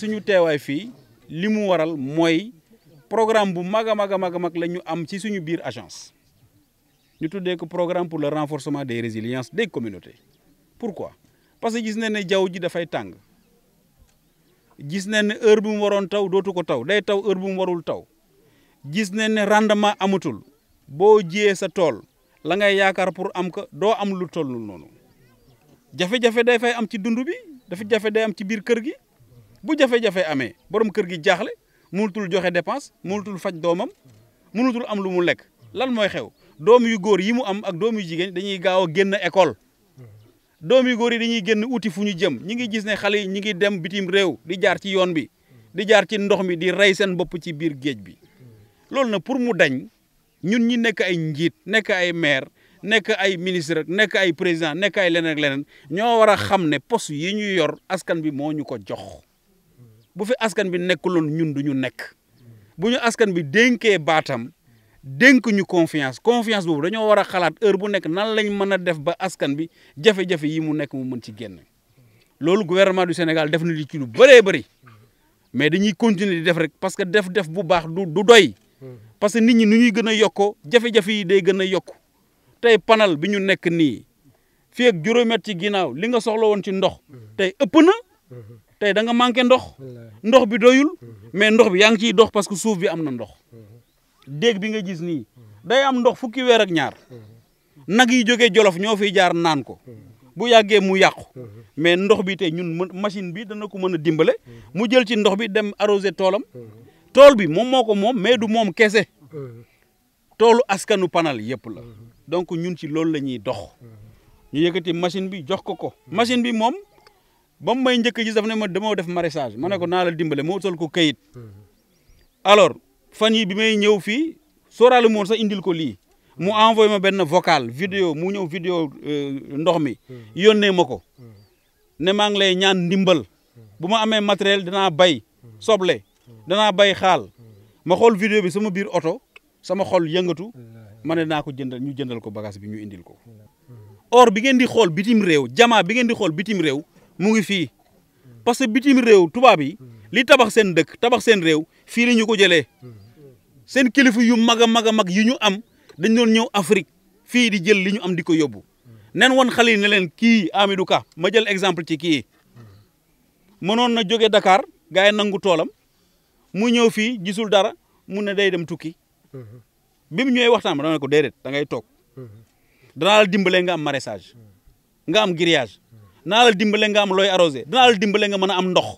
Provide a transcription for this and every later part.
su ñu teewaay fii li mu waral mooy programme bu mag a mag a mag a mag la ñu am ci suñu biir agence ñu tuddee ko programme pour le renforcement des résiliences des communautés pourquoi parce que gis nañ ne jaww ji dafay tàng gis nañ ne heure bu mu waroon taw dootu ko taw day taw heure bu mu warul taw gis nañ ne rendement amatul boo jiyee sa tool la ngay yaakaar pour am ko doo am lu toll noonu jafe-jafe day fay am ci dund bi dafa jafe day am ci biir kër gi bu jafe-jafe amee borom kër gi jaaxle mënutul joxe dépense mënutul faj doomam mënutul am lu mu lekk lan mooy xew doom yu góor yi mu am ak doom yu jigéen dañuy gaaw a génn école doom yu góor yi dañuy génn uti fu ñu jëm ñi ngi gis ne xale yi ñi ngi dem bitim réew di jaar ci yoon bi di jaar ci ndox mi di rey seen bopp ci biir géej bi loolu nag pour mu dañ ñun ñi nekk ay njiit nekk ay maire nekk ay ministre nekk ay président nekk ay leneen leneen ñoo war a xam ne poste yi ñu yor askan bi moo ñu ko jox bu fi askan bi nekkuloon ñun du ñu nekk bu ñu askan bi dénkee baatam dénk ñu confiance confiance boobu dañoo war a xalaat heure bu nekk nan lañ mën a def ba askan bi jafe-jafe yi mu nekk mu mën ci génn loolu gouvernement du Sénégal def na li ci lu bëree bëri mais dañuy continuer def rek parce que def-def bu baax du du doy parce que nit ñi nu ñuy gën a yokkoo jafe yi day gën a yokku tey panal bi ñu nekk nii fii ak at ci ginnaaw li nga soxla woon ci ndox tey ëpp na tey da nga manqué ndox ndox bi doyul mhm. mais ndox bi yaa ngi ciy dox parce que suuf bi am na ndox mhm. déeg bi nga gis nii mhm. day am ndox fukki weer ak ñaar nag yi jóge jolof ñoo fiy jaar naan ko bu yàggee mu yàqu mais ndox bi tey ñun machine bi dana ko mën a dimbale mu jël ci ndox bi dem arroser toolam tool bi moom moo ko moom mais du moom kese toolu askanu panal yëpp la donc ñun ci loolu la ñuy dox ñu yëkkati machine bi jox ko ko machine bi moom ba mu may njëkk gis daf na ma damoo def maraîchage ma ne ko naa la dimbale moo sol ko kayit mhm. alors fan yi bi may ñëw fii sóoraale moon sax indil ko lii mu mhm. envoyé ma benn vocal video mu ñëw vidéo euh, ndox mi mhm. yónnee ma ko ne maa ngi lay ñaan ndimbal bu ma amee matériel danaa bay soble danaa bay xaal ma xool vidéo bi sama biir oto sama xol yëngatu ma ne naa ko jëndal ñu jëndal ko bagage bi ñu indil ko or bi ngeen di xool bitim réew jamaa bi ngeen di xool bitim réew mu ngi fii parce que bitim réew tubaab yi li tabax seen dëkk tabax seen réew fii la ñu ko jëlee seen kilifa yu mag a mag a mag yu ñu am dañ doon ñëw Afrique fii di jël li ñu am di ko yóbbu nen woon xale yi ne leen kii Amidou Ka ma jël exemple ci kii mënoon na jóge dakaar gars nangu toolam mu ñëw fii jisul dara mun ne day dem tukki bi mu ñëwee waxtaan ma dama ko déedéet da ngay toog danaa la dimbalee nga am maraîchage nga am grillage naa la dimbale nga am looy arrosé dinaa la dimbale nga mën a am ndox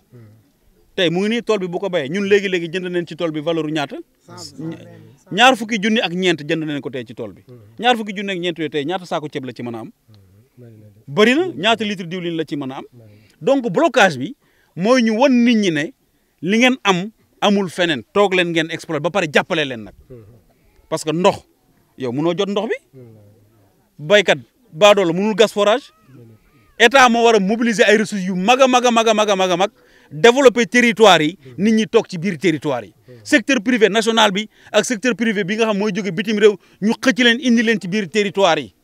tey mu ngi nii tool bi bu ko bayee ñun léegi-léegi jënd nañ ci tool bi valeur ñaata ñaar fukki junni ak ñeent jënd nañ ko tey ci tool bi ñaar fukki junni ak ñeent yooyu tey ñaata saako ceeb la ci mën a am bëri na ñaata litre diwlin la ci mën a am donc blocage bi mooy ñu wan nit ñi ne li ngeen am amul feneen toog leen ngeen exploité ba pare jàppale leen nag parce que ndox yow mënoo jot ndox bi baykat baadoolo mënul gas état moo war a mobiliser ay ressources yu mag a mag a mag a mag a mag a yi nit ñi toog ci biir territoire yi secteur privé national bi ak secteur privé bi nga xam mooy jóge bitim réew ñu xëcc leen indi leen ci biir territoire yi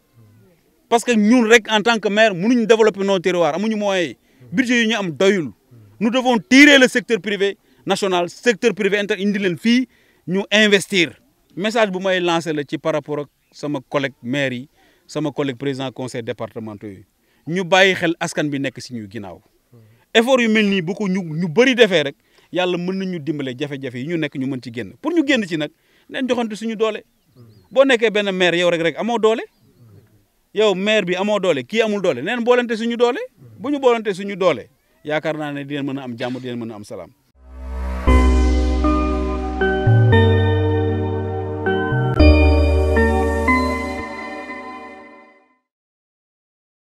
parce que ñun rek en tant que maire mënuñ noo nos territoires amuñu moyens yi budget yi ñu am doyul nous devons tirer le secteur privé national secteur privé inter indi leen fii ñu investir message bu may lancer la ci par rapport ak sama collègue maire yi sama collègue président conseil départementaux yi ñu bàyyi xel askan bi nekk si ñu ginnaaw effort yu mel nii bu ko ñu ñu bëri defee rek yàlla mën nañu dimbale jafe-jafe yi ñu nekk ñu mën ci génn pour ñu génn ci nag neen joxante suñu doole boo nekkee benn maire yow rek rek amoo doole yow maire bi amoo doole kii amul doole neen boolante suñu doole bu ñu boolante suñu doole yaakaar naa ne dinañ mën a am jàmm dinañ mën a am salaam